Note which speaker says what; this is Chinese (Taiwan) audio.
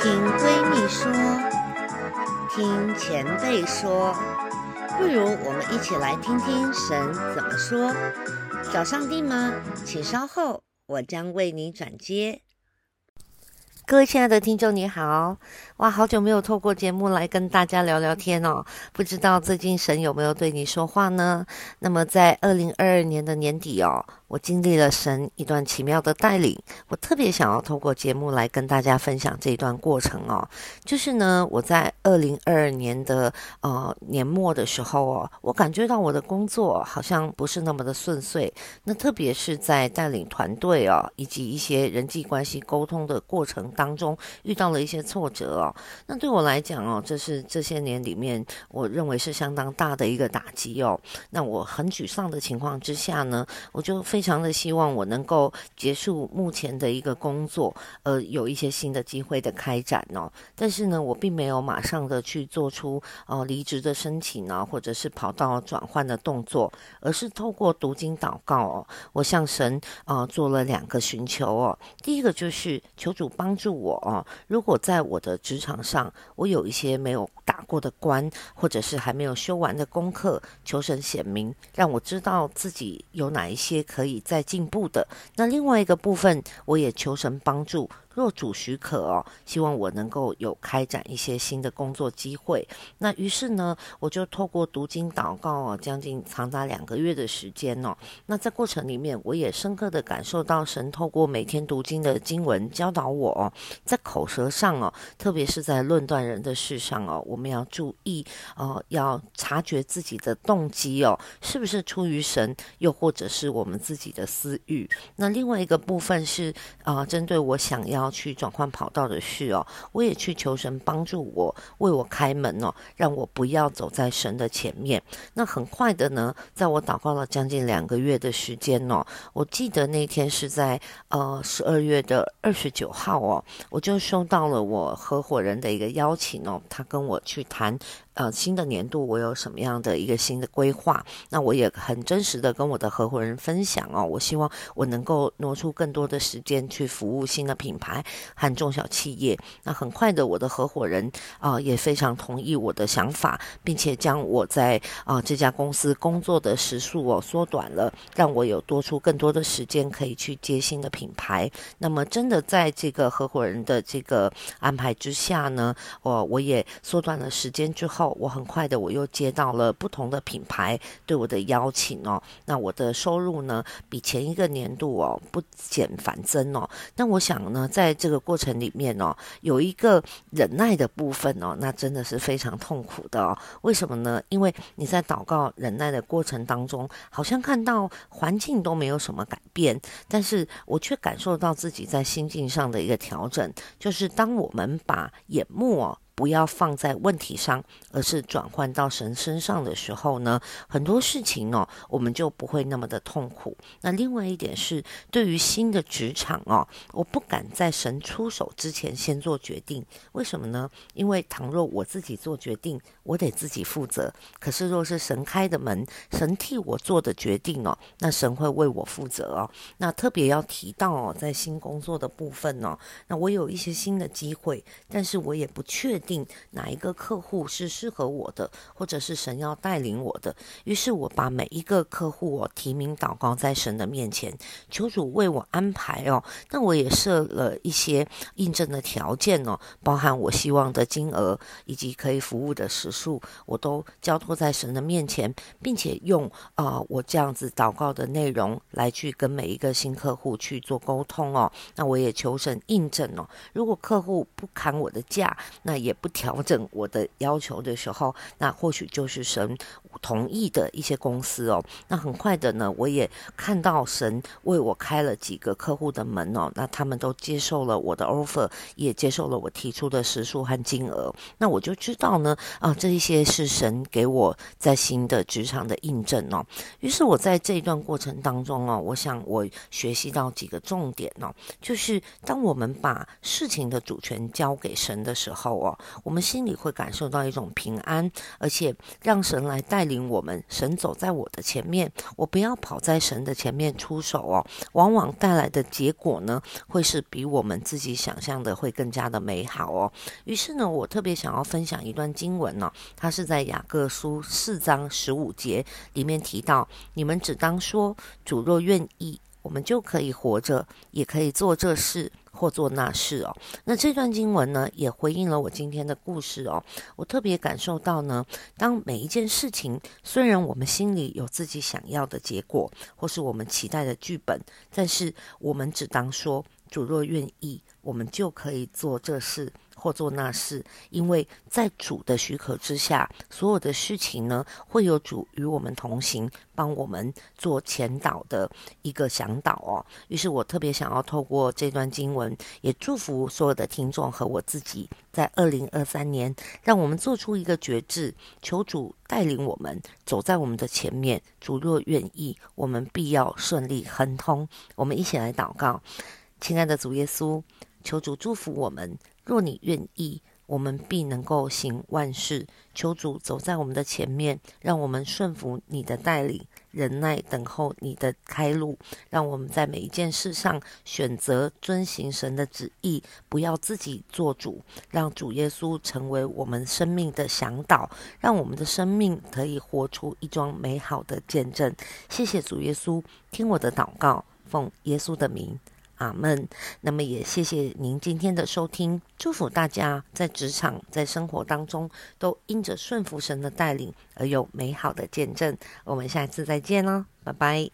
Speaker 1: 聽閨蜜說，聽前輩說，不如我們一起來聽聽神怎麼說。找上帝嗎？請稍後，我將為你轉接。各位親愛的聽眾，你好。哇，好久沒有透過節目來跟大家聊聊天哦。不知道最近神有沒有對你說話呢？那麼在二零二二年的年底哦，我經歷了神一段奇妙的帶領，我特別想要透過節目來跟大家分享這一段過程哦。就是呢，我在二零二二年的呃年末的時候哦，我感覺到我的工作好像不是那麼的順遂，那特別是在帶領團隊哦，以及一些人際關係溝通的過程當中，遇到了一些挫折哦。那對我來講哦，這是這些年裡面我認為是相當大的一個打擊哦。那我很沮喪的情況之下呢，我就非常的希望我能夠結束目前的一個工作，呃，有一些新的機會的開展哦。但是呢，我並沒有馬上的去做出哦，呃，離職的申請啊，或者是跑道轉換的動作，而是透過讀經禱告哦，我向神啊，呃，做了兩個尋求哦。第一個就是求主幫助我哦，如果在我的職市場上，我有一些沒有打過的關，或者是還沒有修完的功課，求神顯明，讓我知道自己有哪一些可以再進步的。那另外一個部分，我也求神幫助。若主許可哦，希望我能夠有開展一些新的工作機會。那於是呢，我就透過讀經禱告哦，將近長達兩個月的時間哦。那在過程裡面，我也深刻的感受到神透過每天讀經的經文教導我哦，在口舌上哦，特別是在論斷人的事上哦，我們要注意哦、呃，要察覺自己的動機哦，是不是出於神，又或者是我們自己的私慾？那另外一個部分是啊、呃，針對我想要。去轉換跑道的事哦，我也去求神幫助我，為我開門哦，讓我不要走在神的前面。那很快的呢，在我禱告了將近兩個月的時間哦，我記得那天是在呃十二月的二十九號哦，我就收到了我合夥人的一個邀請哦，他跟我去談。啊、呃，新的年度我有什麼樣的一個新的規劃？那我也很真實的跟我的合夥人分享哦。我希望我能夠挪出更多的時間去服務新的品牌和中小企業。那很快的，我的合夥人啊、呃、也非常同意我的想法，並且將我在啊、呃、這家公司工作的時數我、哦、縮短了，讓我有多出更多的時間可以去接新的品牌。那麼，真的在這個合夥人的這個安排之下呢，我、哦、我也縮短了時間之後。我很快的，我又接到了不同的品牌對我的邀請哦。那我的收入呢，比前一個年度哦，不減反增哦。但我想呢，在這個過程裡面哦，有一個忍耐的部分哦，那真的是非常痛苦的哦。為什麼呢？因為你在禱告忍耐的過程當中，好像看到環境都沒有什麼改變，但是我卻感受到自己在心境上的一個調整。就是當我們把眼目哦。不要放在問題上，而是轉換到神身上的時候呢，很多事情哦，我們就不會那麼的痛苦。那另外一點是，對於新的職場哦，我不敢在神出手之前先做決定，為什麼呢？因為倘若我自己做決定，我得自己負責。可是若是神開的門，神替我做的決定哦，那神會為我負責哦。那特別要提到哦，在新工作的部分哦，那我有一些新的機會，但是我也不確定，定哪一個客戶是適合我的，或者是神要帶領我的，於是我把每一個客戶我、哦、提名禱告在神的面前，求主為我安排哦。那我也設了一些印證的條件哦，包含我希望的金額以及可以服務的時數，我都交託在神的面前，並且用啊、呃、我這樣子禱告的內容來去跟每一個新客戶去做溝通哦。那我也求神印證哦。如果客戶不砍我的價，那也。不調整我的要求的時候，那或許就是神同意的一些公司哦。那很快的呢，我也看到神為我開了幾個客戶的門哦。那他們都接受了我的 offer，也接受了我提出的時數和金額。那我就知道呢，啊，這一些是神給我在新的職場的印證哦。於是我在這一段過程當中哦，我想我學習到幾個重點哦，就是當我們把事情的主權交給神的時候哦。我們心裡會感受到一種平安，而且讓神來帶領我們，神走在我的前面，我不要跑在神的前面出手哦。往往帶來的結果呢，會是比我們自己想象的會更加的美好哦。於是呢，我特別想要分享一段經文呢、哦，它是在雅各書四章十五節裡面提到：“你們只當說，主若願意，我們就可以活着，也可以做這事。”或做那事哦，那這段經文呢，也回應了我今天的故事哦。我特別感受到呢，當每一件事情，雖然我們心裡有自己想要的結果，或是我們期待的劇本，但是我們只當說，主若願意，我們就可以做這事，或做那事，因為在主的許可之下，所有的事情呢，會有主與我們同行，幫我們做前導的一個嚮導哦。於是我特別想要透過這段經文，也祝福所有的聽眾和我自己，在二零二三年，讓我們做出一個決志，求主帶領我們走在我們的前面。主若願意，我們必要順利亨通。我們一起來禱告，親愛的主耶穌，求主祝福我們。若你願意，我們必能夠行萬事。求主走在我們的前面，讓我們順服你的帶領，忍耐等候你的開路。讓我們在每一件事上選擇遵行神的旨意，不要自己做主。讓主耶穌成為我們生命的向導，讓我們的生命可以活出一樁美好的見證。謝謝主耶穌，聽我的禱告，奉耶穌的名。阿門。那麼也謝謝您今天的收聽，祝福大家在職場、在生活當中都因着順服神的帶領而有美好的見證。我們下一次再見嘍，拜拜。